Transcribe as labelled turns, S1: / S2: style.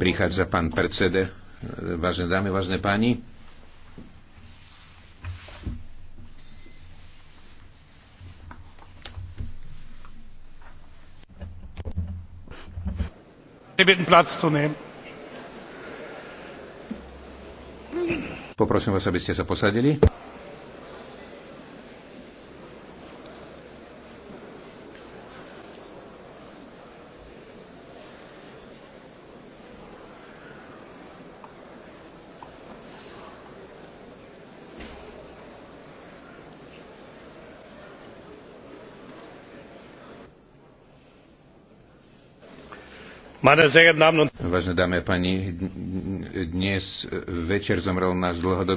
S1: Prichádza pán predsede. Vážne dámy, vážne páni.
S2: Poprosím vás, aby ste sa posadili.
S3: Vážené
S1: dámy a páni, dnes večer zomrel náš dlhodobý a kolega